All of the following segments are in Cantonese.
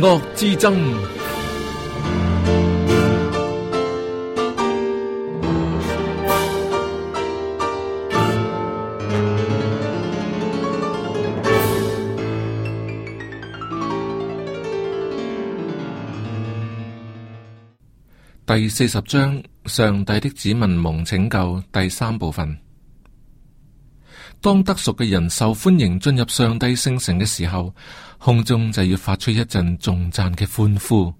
惡之爭。第四十章：上帝的子民蒙拯救，第三部分。當得贖嘅人受歡迎進入上帝聖城嘅時候，空中就要發出一陣頌讚嘅歡呼。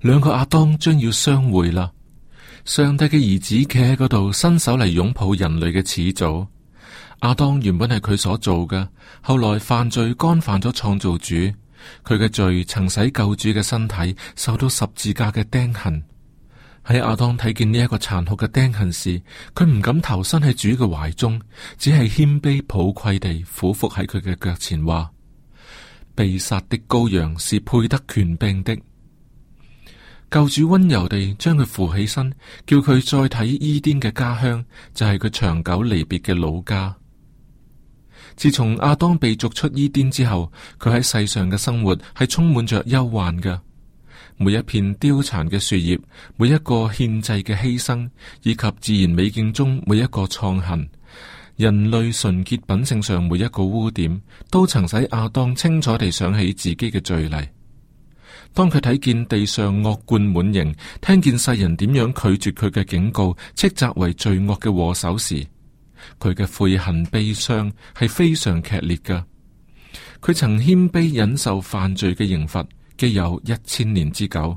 兩個亞當將要相會啦！上帝嘅兒子企喺嗰度，伸手嚟擁抱人類嘅始祖。亞當原本係佢所做嘅，後來犯罪干犯咗創造主，佢嘅罪曾使救主嘅身體受到十字架嘅釘痕。喺阿當睇見呢一個殘酷嘅釘痕時，佢唔敢投身喺主嘅懷中，只係謙卑抱愧地俯伏喺佢嘅腳前，話：被殺的羔羊是配得權柄的。救主溫柔地將佢扶起身，叫佢再睇伊甸嘅家鄉，就係佢長久離別嘅老家。自從阿當被逐出伊甸之後，佢喺世上嘅生活係充滿着憂患嘅。每一片凋殘嘅樹葉，每一個獻祭嘅犧牲，以及自然美景中每一個創痕，人類純潔品性上每一個污點，都曾使亞當清楚地想起自己嘅罪例。當佢睇見地上惡貫滿盈，聽見世人點樣拒絕佢嘅警告，斥責為罪惡嘅禍首時，佢嘅悔恨悲傷係非常劇烈噶。佢曾謙卑忍受犯罪嘅刑罰。既有一千年之久，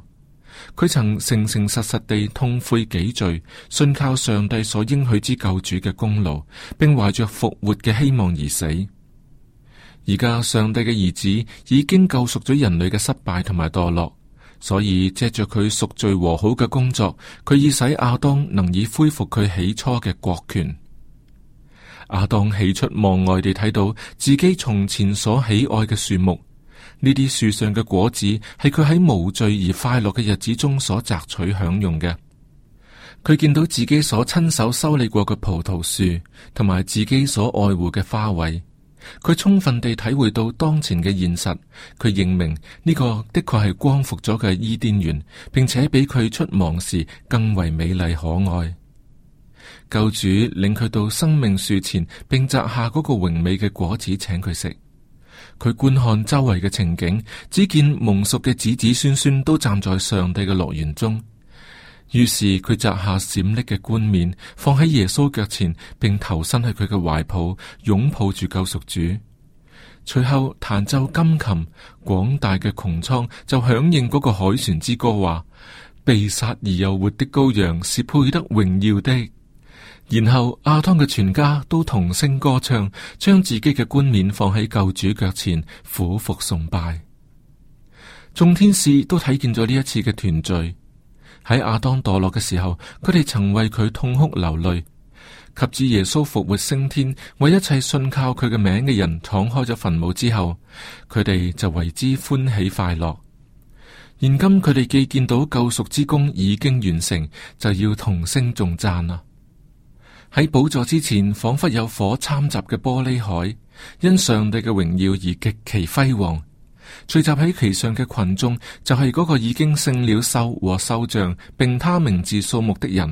佢曾誠誠實實地痛悔己罪，信靠上帝所應許之救主嘅功勞，並懷着復活嘅希望而死。而家上帝嘅兒子已經救贖咗人類嘅失敗同埋墮落，所以借着佢贖罪和好嘅工作，佢已使亞當能以恢復佢起初嘅國權。亞當喜出望外地睇到自己從前所喜愛嘅樹木。呢啲樹上嘅果子係佢喺無罪而快樂嘅日子中所摘取享用嘅。佢見到自己所親手修理過嘅葡萄樹，同埋自己所愛護嘅花卉，佢充分地體會到當前嘅現實。佢認明呢個的確係光復咗嘅伊甸園，並且比佢出亡時更為美麗可愛。救主領佢到生命樹前，並摘下嗰個榮美嘅果子請佢食。佢觀看周圍嘅情景，只見蒙贖嘅子子孫孫都站在上帝嘅樂園中。於是佢摘下閃亮嘅冠冕，放喺耶穌腳前，並投身喺佢嘅懷抱，擁抱住救贖主。隨後彈奏金琴，廣大嘅穹蒼就響應嗰個海船之歌，話被殺而又活的羔羊是配得榮耀的。然後亞當嘅全家都同聲歌唱，將自己嘅冠冕放喺救主腳前，俯伏崇拜。眾天使都睇見咗呢一次嘅團聚。喺亞當墮落嘅時候，佢哋曾為佢痛哭流淚；及至耶穌復活升天，為一切信靠佢嘅名嘅人敞開咗墳墓之後，佢哋就為之歡喜快樂。現今佢哋既見到救贖之功已經完成，就要同聲頌讚啦。喺寶座之前，仿佛有火摻雜嘅玻璃海，因上帝嘅榮耀而極其輝煌。聚集喺其上嘅群眾，就係、是、嗰個已經勝了獸和獸像，並他名字數目的人。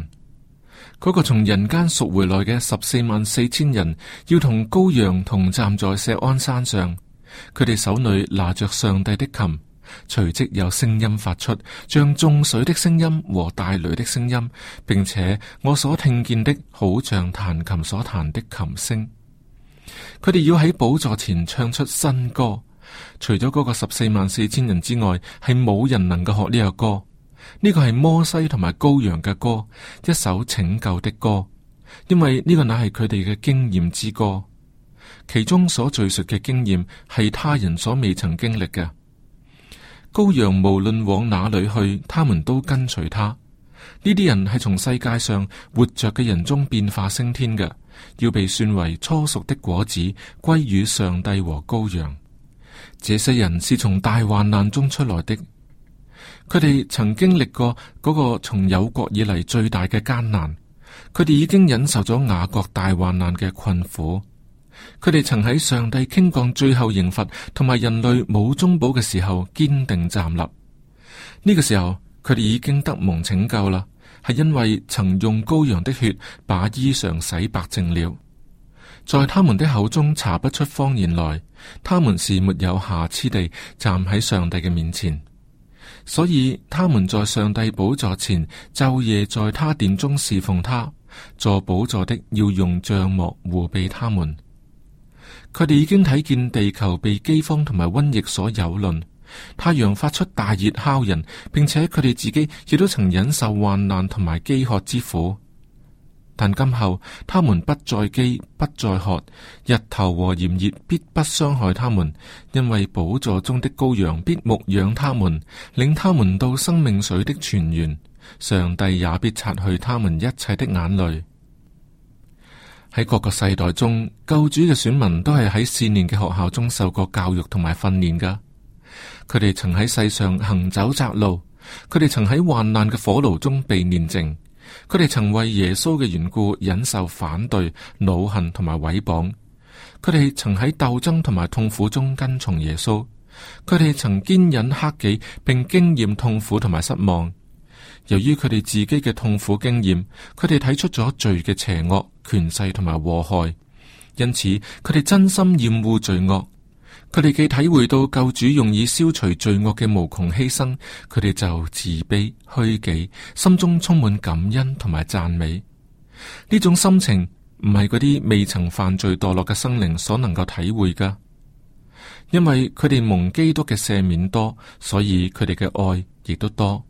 嗰、那個從人間贖回來嘅十四萬四千人，要同羔羊同站在錫安山上，佢哋手裏拿着上帝的琴。隨即有聲音發出，像中水的聲音和帶雷的聲音，並且我所聽見的，好像彈琴所彈的琴聲。佢哋要喺寶座前唱出新歌，除咗嗰個十四萬四千人之外，係冇人能夠學呢個歌。呢個係摩西同埋羔羊嘅歌，一首拯救的歌，因為呢個乃係佢哋嘅經驗之歌，其中所敘述嘅經驗係他人所未曾經歷嘅。羔羊無論往哪裏去，他們都跟隨他。呢啲人係從世界上活着嘅人中變化升天嘅，要被算為初熟的果子，歸於上帝和羔羊。這些人是從大患難中出來的，佢哋曾經歷過嗰個從有國以嚟最大嘅艱難，佢哋已經忍受咗雅各大患難嘅困苦。佢哋曾喺上帝傾降最後刑罰同埋人類冇中保嘅時候，堅定站立。呢、這個時候，佢哋已經得蒙拯救啦，係因為曾用羔羊的血把衣裳洗白淨了。在他們的口中查不出謊言來，他們是沒有瑕疵地站喺上帝嘅面前。所以他們在上帝寶座前晝夜在他殿中侍奉他。坐寶座的要用帳幕護庇他們。佢哋已經睇見地球被饑荒同埋瘟疫所蹂躪，太陽發出大熱烤人，並且佢哋自己亦都曾忍受患難同埋饑渴之苦。但今後，他們不再饑，不再渴，日頭和炎熱必不傷害他們，因爲寶座中的羔羊必牧養他們，領他們到生命水的泉源。上帝也必擦去他們一切的眼淚。喺各個世代中，救主嘅選民都係喺善念嘅學校中受過教育同埋訓練噶。佢哋曾喺世上行走窄路，佢哋曾喺患難嘅火爐中被煉淨，佢哋曾為耶穌嘅緣故忍受反對、惱恨同埋毀謗，佢哋曾喺鬥爭同埋痛苦中跟從耶穌，佢哋曾堅忍克己，並經驗痛苦同埋失望。由於佢哋自己嘅痛苦經驗，佢哋睇出咗罪嘅邪惡、權勢同埋禍害，因此佢哋真心厭惡罪惡。佢哋既體會到救主用以消除罪惡嘅無窮犧牲，佢哋就自卑、虛己，心中充滿感恩同埋讚美。呢種心情唔係嗰啲未曾犯罪墮落嘅生靈所能夠體會噶，因為佢哋蒙基督嘅赦免多，所以佢哋嘅愛亦都多。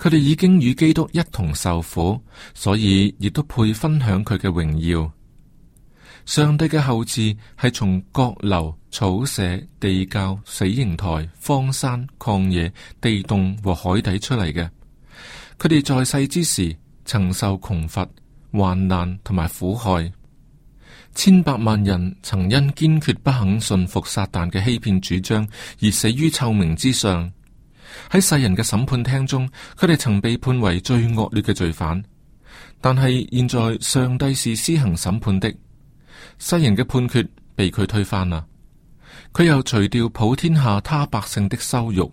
佢哋已經與基督一同受苦，所以亦都配分享佢嘅榮耀。上帝嘅後置係從閣樓、草舍、地窖、死刑台、荒山、曠野、地洞和海底出嚟嘅。佢哋在世之時，曾受窮乏、患難同埋苦害。千百萬人曾因堅決不肯信服撒旦嘅欺騙主張，而死於臭名之上。喺世人嘅審判廳中，佢哋曾被判為最惡劣嘅罪犯，但係現在上帝是施行審判的，世人嘅判決被佢推翻啦。佢又除掉普天下他百姓的羞辱，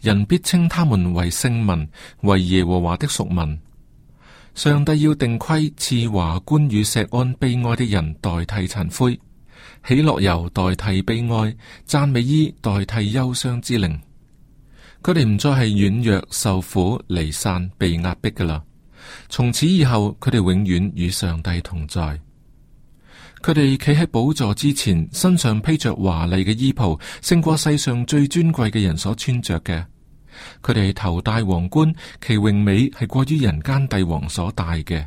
人必稱他們為聖民，為耶和華的屬民。上帝要定規賜華冠與錫安悲哀的人代替塵灰，喜樂油代替悲哀，讚美衣代替憂傷之靈。佢哋唔再係軟弱、受苦、離散、被壓迫㗎喇，從此以後，佢哋永遠與上帝同在。佢哋企喺寶座之前，身上披着華麗嘅衣袍，勝過世上最尊貴嘅人所穿着嘅。佢哋頭戴皇冠，其榮美係過於人間帝王所戴嘅。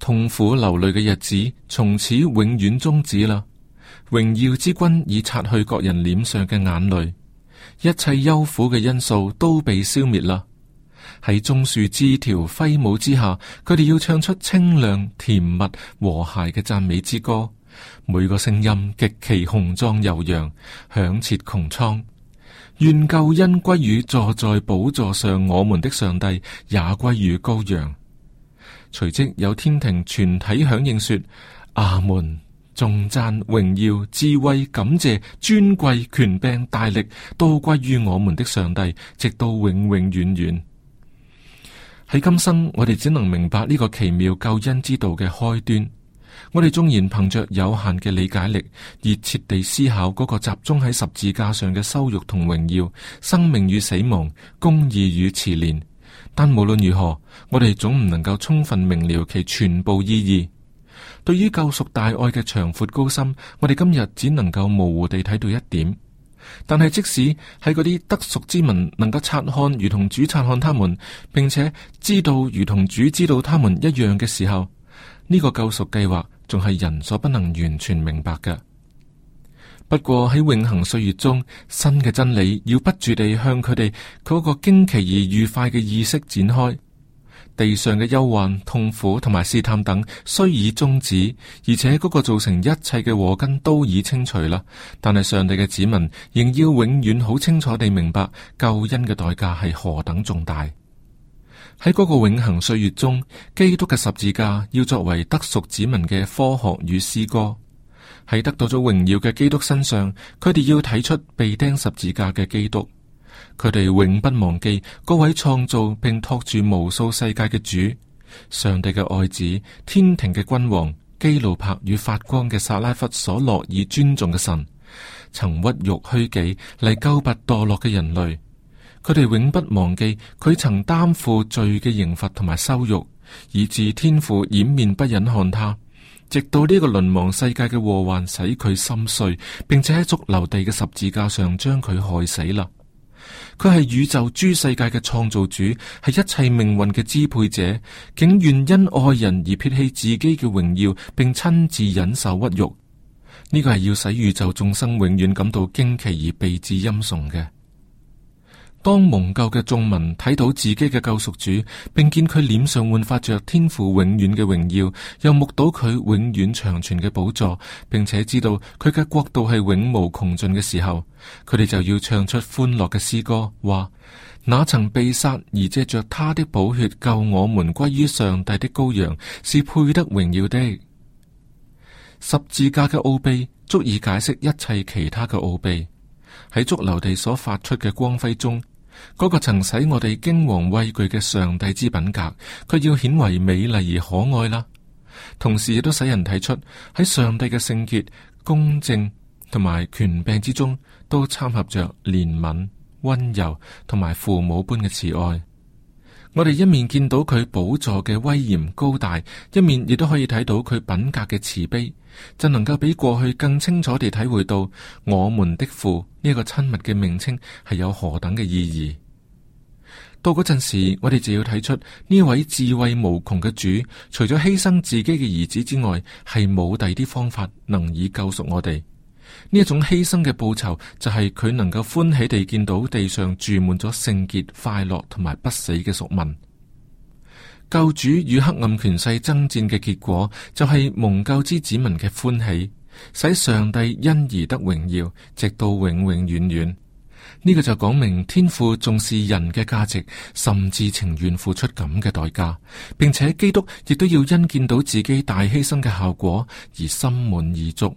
痛苦流淚嘅日子從此永遠終止啦。榮耀之君已擦去各人臉上嘅眼淚。一切憂苦嘅因素都被消滅啦！喺棕樹枝條揮舞之下，佢哋要唱出清亮、甜蜜、和諧嘅讚美之歌。每個聲音極其雄壯悠揚，響徹穹蒼。願救恩歸於坐在寶座上我們的上帝，也歸於羔羊。隨即有天庭全體響應說：阿門。頌讚、榮耀、智慧、感謝、尊貴、權柄、大力，都歸於我們的上帝，直到永永遠遠。喺今生，我哋只能明白呢個奇妙救恩之道嘅開端。我哋縱然憑着有限嘅理解力，熱切地思考嗰個集中喺十字架上嘅羞辱同榮耀、生命與死亡、公義與慈憐，但無論如何，我哋總唔能夠充分明了其全部意義。對於救贖大愛嘅長闊高深，我哋今日只能夠模糊地睇到一點。但係即使喺嗰啲得贖之民能夠察看如同主察看他們，並且知道如同主知道他們一樣嘅時候，呢、這個救贖計劃仲係人所不能完全明白嘅。不過喺永恆歲月中新嘅真理，要不住地向佢哋嗰個驚奇而愉快嘅意識展開。地上嘅憂患、痛苦同埋試探等，雖已終止，而且嗰個造成一切嘅禍根都已清除啦。但係上帝嘅子民仍要永遠好清楚地明白救恩嘅代價係何等重大。喺嗰個永恆歲月中，基督嘅十字架要作為得贖子民嘅科學與詩歌，喺得到咗榮耀嘅基督身上，佢哋要睇出被釘十字架嘅基督。佢哋永不忘記嗰位創造並托住無數世界嘅主，上帝嘅愛子，天庭嘅君王，基路柏與發光嘅撒拉弗所樂以尊重嘅神，曾屈辱虛己嚟救拔墮落嘅人類。佢哋永不忘記佢曾擔負罪嘅刑罰同埋羞辱，以致天父掩面不忍看他，直到呢個淪亡世界嘅禍患使佢心碎，並且喺骷髏地嘅十字架上將佢害死啦。佢係宇宙諸世界嘅創造主，係一切命運嘅支配者，竟願因愛人而撇棄自己嘅榮耀，並親自忍受屈辱。呢、這個係要使宇宙眾生永遠感到驚奇而備至欽崇嘅。當蒙救嘅眾民睇到自己嘅救贖主，並見佢臉上煥發着天父永遠嘅榮耀，又目睹佢永遠長存嘅寶座，並且知道佢嘅國度係永無窮盡嘅時候，佢哋就要唱出歡樂嘅詩歌，話那曾被殺而借着他的寶血救我們歸於上帝的羔羊，是配得榮耀的。十字架嘅奧秘足以解釋一切其他嘅奧秘，喺髑髏地所發出嘅光輝中。嗰個曾使我哋驚惶畏懼嘅上帝之品格，佢要顯為美麗而可愛啦。同時亦都使人睇出喺上帝嘅聖潔、公正同埋權柄之中，都參合着憐憫、溫柔同埋父母般嘅慈愛。我哋一面見到佢寶座嘅威嚴高大，一面亦都可以睇到佢品格嘅慈悲，就能夠比過去更清楚地體會到我們的父呢個親密嘅名稱係有何等嘅意義。到嗰陣時，我哋就要睇出呢位智慧無窮嘅主，除咗犧牲自己嘅兒子之外，係冇第二啲方法能以救贖我哋。呢一種犧牲嘅報酬就係佢能夠歡喜地見到地上住滿咗聖潔、快樂同埋不死嘅屬民。救主與黑暗權勢爭戰嘅結果就係蒙救之子民嘅歡喜，使上帝因而得榮耀，直到永永遠遠。呢個就講明天父重視人嘅價值，甚至情願付出咁嘅代價，並且基督亦都要因見到自己大犧牲嘅效果而心滿意足。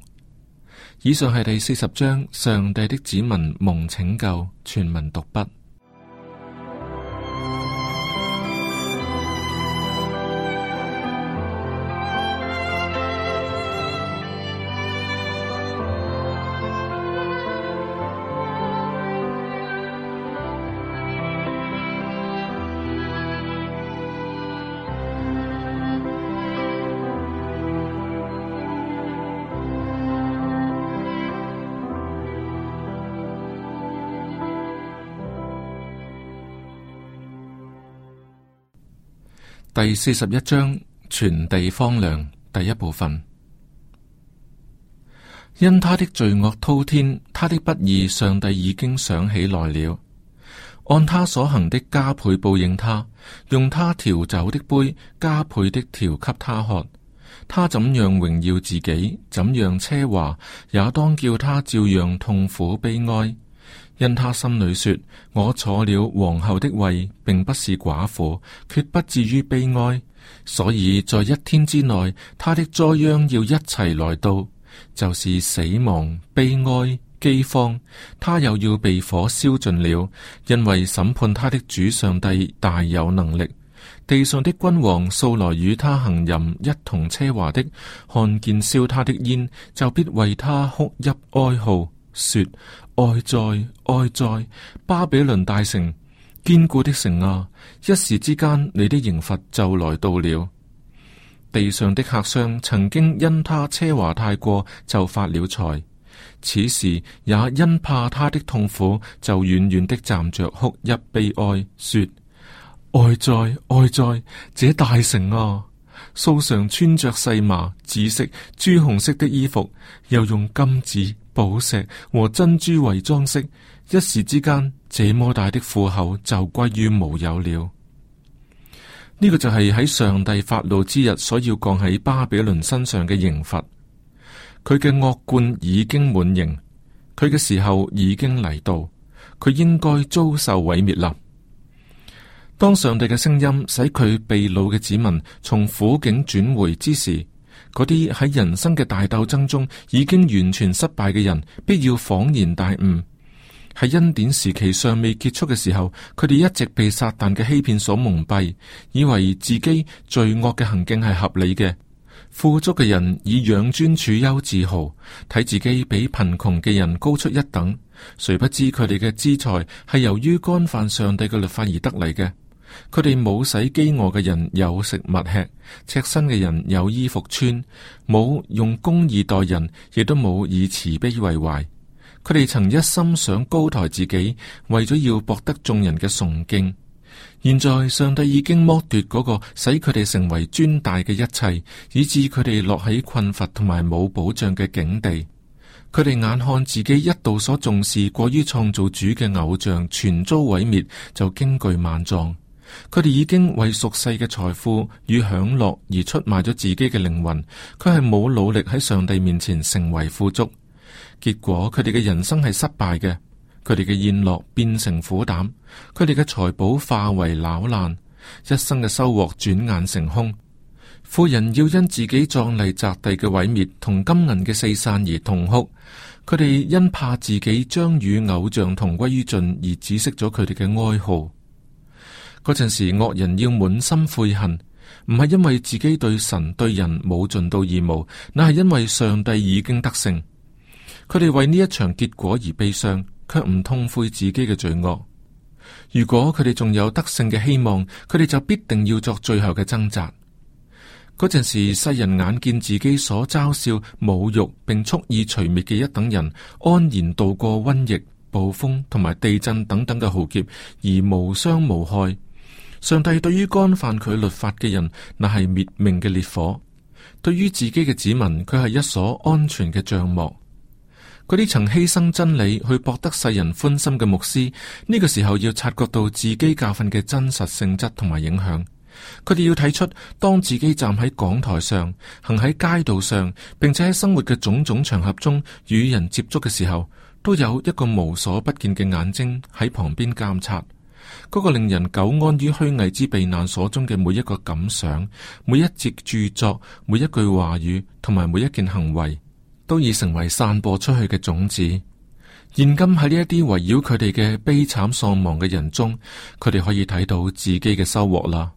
以上係第四十章上帝的子民蒙拯救全文讀畢。第四十一章全地荒涼，第一部分。因他的罪惡滔天，他的不義，上帝已經想起來了，按他所行的加倍報應他，用他調酒的杯加倍的調給他喝。他怎樣榮耀自己，怎樣奢華，也當叫他照樣痛苦悲哀。因他心裏說：我坐了皇后的位，並不是寡婦，決不至於悲哀。所以在一天之內，他的災殃要一齊來到，就是死亡、悲哀、饑荒，他又要被火燒盡了。因為審判他的主上帝大有能力，地上的君王素來與他行淫一同奢華的，看見燒他的煙，就必為他哭泣哀號，說。哀哉，哀哉，巴比倫大城，堅固的城啊！一時之間，你的刑罰就來到了。地上的客商曾經因他奢華太過就發了財，此時也因怕他的痛苦就遠遠的站着哭泣悲哀，說：哀哉，哀哉，這大城啊！素常穿着細麻紫色朱紅色的衣服，又用金子、寶石和珍珠為裝飾，一時之間，這麼大的富厚就歸於無有了。呢、這個就係喺上帝發怒之日所要降喺巴比倫身上嘅刑罰。佢嘅惡貫已經滿盈，佢嘅時候已經嚟到，佢應該遭受毀滅啦。當上帝嘅聲音使佢被擄嘅子民從苦境轉回之時，嗰啲喺人生嘅大鬥爭中已經完全失敗嘅人，必要恍然大悟。喺恩典時期尚未結束嘅時候，佢哋一直被撒旦嘅欺騙所蒙蔽，以為自己罪惡嘅行徑係合理嘅。富足嘅人以養尊處優自豪，睇自己比貧窮嘅人高出一等，誰不知佢哋嘅資財係由於干犯上帝嘅律法而得嚟嘅。佢哋冇使飢餓嘅人有食物吃，赤身嘅人有衣服穿，冇用公義待人，亦都冇以慈悲為懷。佢哋曾一心想高抬自己，為咗要博得眾人嘅崇敬。現在上帝已經剝奪嗰個使佢哋成為尊大嘅一切，以致佢哋落喺困乏同埋冇保障嘅境地。佢哋眼看自己一度所重視過於創造主嘅偶像全遭毀滅，就驚懼萬狀。佢哋已經為俗世嘅財富與享樂而出賣咗自己嘅靈魂，佢係冇努力喺上帝面前成為富足。結果佢哋嘅人生係失敗嘅，佢哋嘅宴樂變成苦膽，佢哋嘅財寶化為朽爛，一生嘅收穫轉眼成空。富人要因自己壯麗宅第嘅毀滅同金銀嘅四散而痛哭，佢哋因怕自己將與偶像同歸於盡而止息咗佢哋嘅哀號。嗰陣時惡人要滿心悔恨，唔係因為自己對神對人冇盡到義務，乃係因為上帝已經得勝。佢哋為呢一場結果而悲傷，卻唔痛悔自己嘅罪惡。如果佢哋仲有得勝嘅希望，佢哋就必定要作最後嘅掙扎。嗰陣時世人眼見自己所嘲笑、侮辱並蓄意除滅嘅一等人，安然度過瘟疫、暴風同埋地震等等嘅浩劫，而無傷無害。上帝對於干犯佢律法嘅人，那係滅命嘅烈火；對於自己嘅子民，佢係一所安全嘅帳幕。佢哋曾犧牲真理去博得世人歡心嘅牧師，呢個時候要察覺到自己教訓嘅真實性質同埋影響。佢哋要睇出，當自己站喺講台上、行喺街道上，並且喺生活嘅種種場合中與人接觸嘅時候，都有一個無所不見嘅眼睛喺旁邊監察。嗰個令人久安於虛偽之避難所中嘅每一個感想、每一節著作、每一句話語同埋每一件行為，都已成為散播出去嘅種子。現今喺呢一啲圍繞佢哋嘅悲慘喪亡嘅人中，佢哋可以睇到自己嘅收穫啦。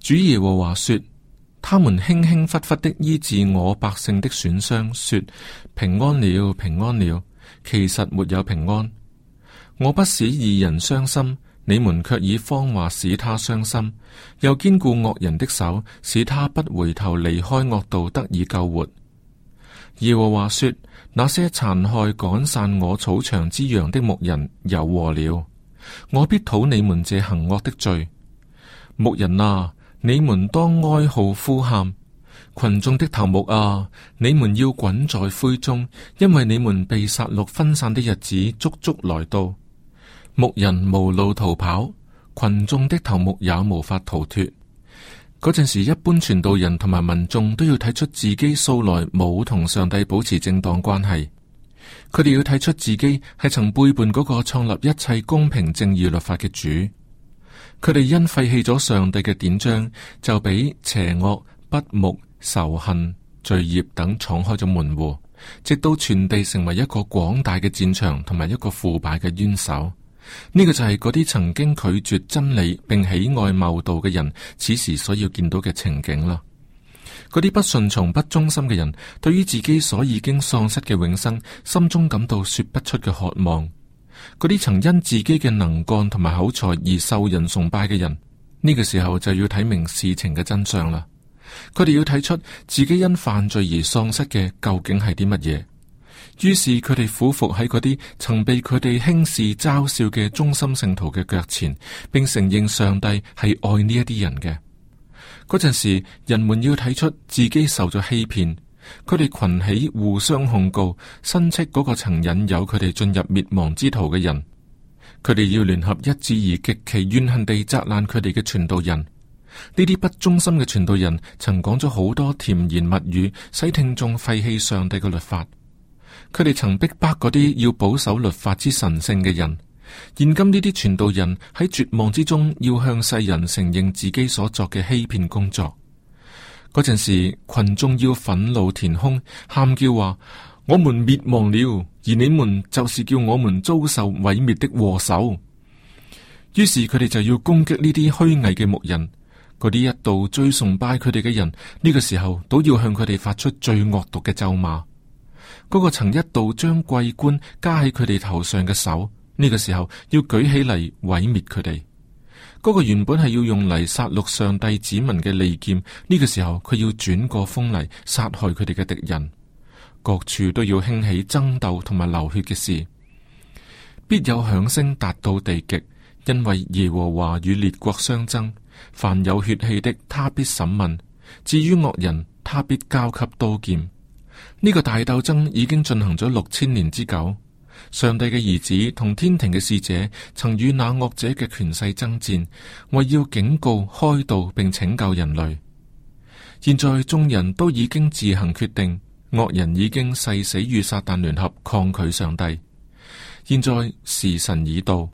主耶和華說：「他們輕輕忽忽的醫治我百姓的損傷，說：「平安了，平安了，其實沒有平安。我不使義人傷心，你們卻以謊話使他傷心，又堅固惡人的手，使他不回頭離開惡道，得以救活。耶和華說：那些殘害趕散我草場之羊的牧人，有禍了！我必討你們這行惡的罪。牧人啊，你們當哀號呼喊；群眾的頭目啊，你們要滾在灰中，因為你們被殺戮分散的日子，足足來到。牧人無路逃跑，群眾的頭目也無法逃脱。嗰陣時，一般傳道人同埋民眾都要睇出自己素來冇同上帝保持正當關係，佢哋要睇出自己係曾背叛嗰個創立一切公平正義律法嘅主。佢哋因廢棄咗上帝嘅典章，就俾邪惡、不睦、仇恨、罪孽等敞開咗門戶，直到全地成為一個廣大嘅戰場，同埋一個腐敗嘅冤首。呢個就係嗰啲曾經拒絕真理並喜愛謬道嘅人，此時所要見到嘅情景啦。嗰啲不順從、不忠心嘅人，對於自己所已經喪失嘅永生，心中感到說不出嘅渴望。嗰啲曾因自己嘅能幹同埋口才而受人崇拜嘅人，呢、這個時候就要睇明事情嘅真相啦。佢哋要睇出自己因犯罪而喪失嘅究竟係啲乜嘢。於是佢哋俯伏喺嗰啲曾被佢哋輕視嘲笑嘅忠心聖徒嘅腳前，並承認上帝係愛呢一啲人嘅嗰陣時，人們要睇出自己受咗欺騙。佢哋群起互相控告，申斥嗰個曾引誘佢哋進入滅亡之途嘅人。佢哋要聯合一致而極其怨恨地砸爛佢哋嘅傳道人。呢啲不忠心嘅傳道人曾講咗好多甜言蜜語，使聽眾廢棄上帝嘅律法。佢哋曾逼迫嗰啲要保守律法之神聖嘅人，現今呢啲傳道人喺絕望之中要向世人承認自己所作嘅欺騙工作。嗰陣時，群眾要憤怒填胸，喊叫話：我們滅亡了，而你們就是叫我們遭受毀滅的禍首。於是佢哋就要攻擊呢啲虛偽嘅牧人，嗰啲一度最崇拜佢哋嘅人，呢個時候都要向佢哋發出最惡毒嘅咒罵。嗰個曾一度將桂冠加喺佢哋頭上嘅手，呢個時候要舉起嚟毀滅佢哋。嗰個原本係要用嚟殺戮上帝子民嘅利劍，呢個時候佢要轉過鋒嚟殺害佢哋嘅敵人。各處都要興起爭鬥同埋流血嘅事，必有響聲達到地極，因為耶和華與列國相爭，凡有血氣的他必審問，至於惡人，他必交給刀劍。呢個大鬥爭已經進行咗六千年之久，上帝嘅兒子同天庭嘅使者曾與那惡者嘅權勢爭戰，為要警告、開導並拯救人類。現在眾人都已經自行決定，惡人已經誓死與撒旦聯合抗拒上帝。現在時辰已到，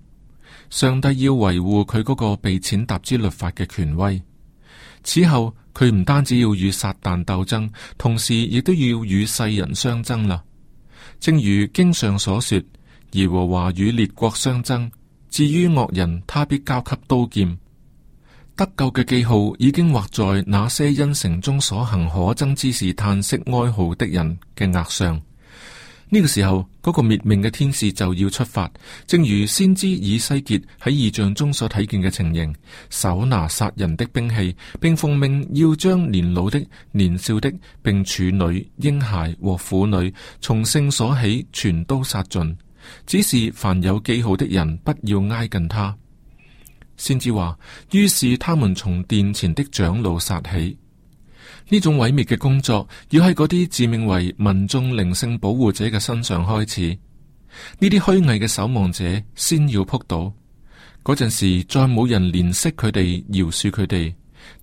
上帝要維護佢嗰個被踐踏之律法嘅權威。此後，佢唔單止要與撒旦鬥爭，同時亦都要與世人相爭啦。正如經上所說，耶和華與列國相爭，至於惡人，他必交給刀劍。得救嘅記號已經畫在那些因城中所行可憎之事嘆息哀號的人嘅額上。呢個時候，嗰、那個滅命嘅天使就要出發，正如先知以西結喺異象中所睇見嘅情形，手拿殺人的兵器，並奉命要將年老的、年少的，並處女、嬰孩和婦女，從聖所起，全都殺盡。只是凡有記號的人，不要挨近他。先知話，於是他們從殿前的長老殺起。呢種毀滅嘅工作要喺嗰啲自命為民眾靈性保護者嘅身上開始，呢啲虛偽嘅守望者先要撲倒，嗰陣時再冇人憐惜佢哋、饒恕佢哋，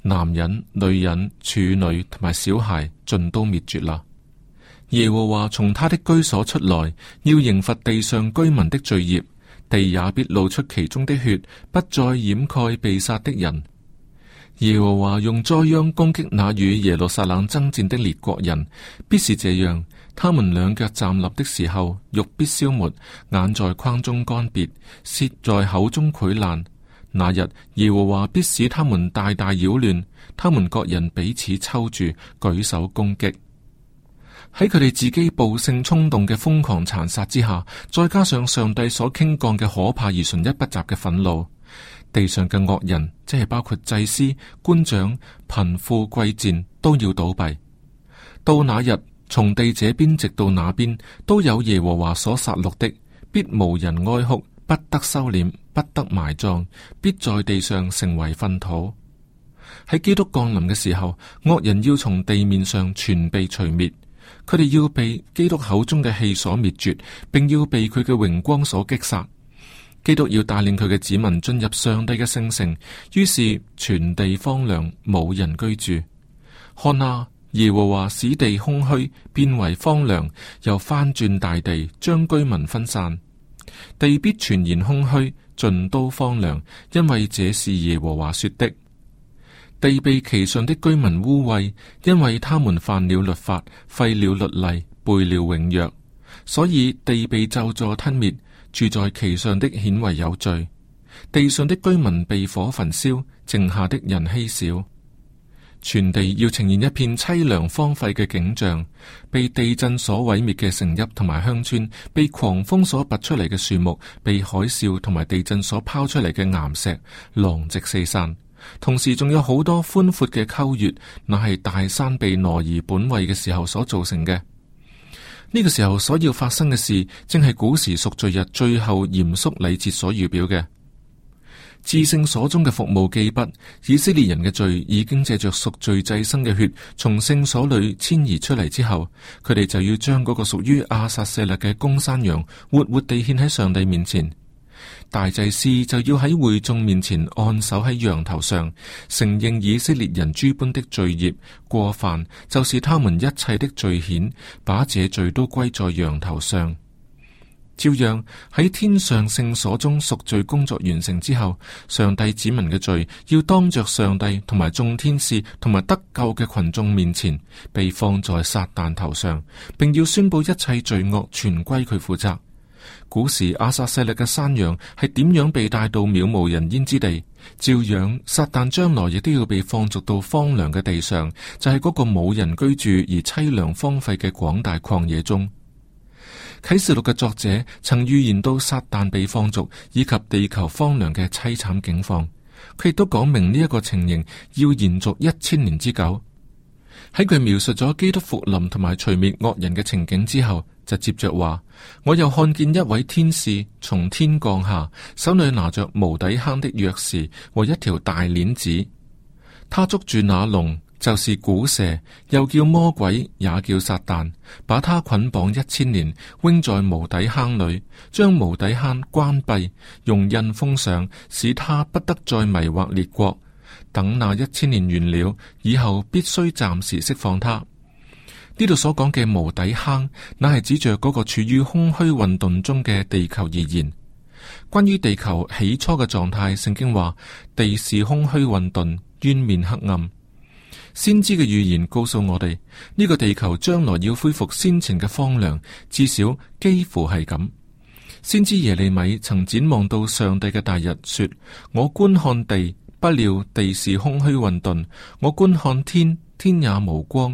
男人、女人、處女同埋小孩盡都滅絕啦。耶和華從他的居所出來，要刑罰地上居民的罪孽，地也必露出其中的血，不再掩蓋被殺的人。耶和華用災殃攻擊那與耶路撒冷爭戰的列國人，必是這樣。他們兩腳站立的時候，肉必消沒，眼在框中乾癟，舌在口中潰爛。那日，耶和華必使他們大大擾亂，他們各人彼此抽住，舉手攻擊。喺佢哋自己暴性衝動嘅瘋狂殘殺之下，再加上上帝所傾降嘅可怕而純一不雜嘅憤怒。地上嘅惡人，即係包括祭司、官長、貧富貴賤，都要倒閉。到那日，從地這邊直到那邊，都有耶和華所殺戮的，必無人哀哭，不得收斂，不得埋葬，必在地上成為糞土。喺基督降臨嘅時候，惡人要從地面上全被除滅，佢哋要被基督口中嘅氣所滅絕，並要被佢嘅榮光所擊殺。基督要帶領佢嘅子民進入上帝嘅聖城，於是全地荒涼，冇人居住。看啊，耶和華使地空虛，變為荒涼，又翻轉大地，將居民分散。地必全然空虛，盡都荒涼，因為這是耶和華說的。地被其上的居民污穢，因為他們犯了律法，廢了律例，背了永約，所以地被咒詛吞滅。住在其上的顯為有罪，地上的居民被火焚燒，剩下的人稀少，全地要呈現一片淒涼荒廢嘅景象。被地震所毀滅嘅城邑同埋鄉村，被狂風所拔出嚟嘅樹木，被海嘯同埋地震所拋出嚟嘅岩石，狼藉四散。同時，仲有好多寬闊嘅溝穴，乃係大山被挪移本位嘅時候所造成嘅。呢個時候所要發生嘅事，正係古時贖罪日最後嚴肅禮節所預表嘅。至聖所中嘅服務既畢，以色列人嘅罪已經借着贖罪祭牲嘅血，從聖所裏遷移出嚟之後，佢哋就要將嗰個屬於亞撒舍勒嘅公山羊活活地獻喺上帝面前。大祭司就要喺會眾面前按手喺羊頭上，承認以色列人諸般的罪孽過犯，就是他們一切的罪愆，把這罪都歸在羊頭上。照樣，喺天上聖所中贖罪工作完成之後，上帝子民嘅罪要當着上帝同埋眾天使同埋得救嘅群眾面前，被放在撒但頭上，並要宣布一切罪惡全歸佢負責。古時阿撒勢力嘅山羊係點樣被帶到渺無人煙之地？照樣，撒旦將來亦都要被放逐到荒涼嘅地上，就係、是、嗰個冇人居住而淒涼荒廢嘅廣大曠野中。啟示錄嘅作者曾預言到撒旦被放逐以及地球荒涼嘅淒慘境況，佢亦都講明呢一個情形要延續一千年之久。喺佢描述咗基督復臨同埋除滅惡人嘅情景之後。就接着話，我又看見一位天使從天降下，手裏拿着無底坑的鑰匙和一條大鏈子，他捉住那龍，就是古蛇，又叫魔鬼，也叫撒但，把他捆綁一千年，扔在無底坑裏，將無底坑關閉，用印封上，使他不得再迷惑列國。等那一千年完了，以後必須暫時釋放他。呢度所講嘅無底坑，乃係指著嗰個處於空虛混沌中嘅地球而言。關於地球起初嘅狀態，聖經話地是空虛混沌，淵面黑暗。先知嘅預言告訴我哋，呢、這個地球將來要恢復先前嘅荒涼，至少幾乎係咁。先知耶利米曾展望到上帝嘅大日，說：我觀看地，不料地是空虛混沌；我觀看天，天也無光。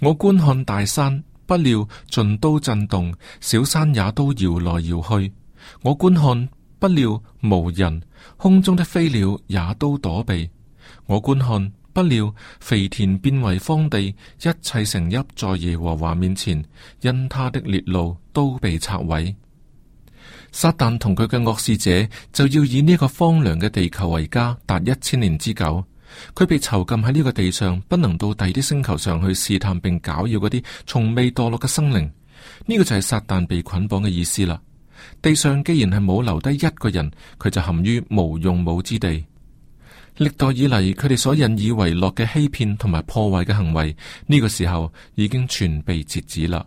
我觀看大山，不料盡都震動，小山也都搖來搖去。我觀看，不料無人，空中的飛鳥也都躲避。我觀看，不料肥田變為荒地，一切城邑，在耶和華面前，因他的烈怒都被拆毀。撒旦同佢嘅惡使者就要以呢個荒涼嘅地球為家，達一千年之久。佢被囚禁喺呢個地上，不能到第二啲星球上去試探並攪擾嗰啲從未墮落嘅生靈。呢個就係撒旦被捆綁嘅意思啦。地上既然係冇留低一個人，佢就陷於無用武之地。歷代以嚟，佢哋所引以為樂嘅欺騙同埋破壞嘅行為，呢個時候已經全被截止啦。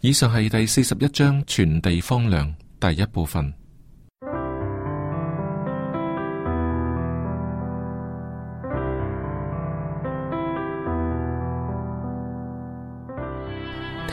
以上係第四十一章全地荒涼第一部分。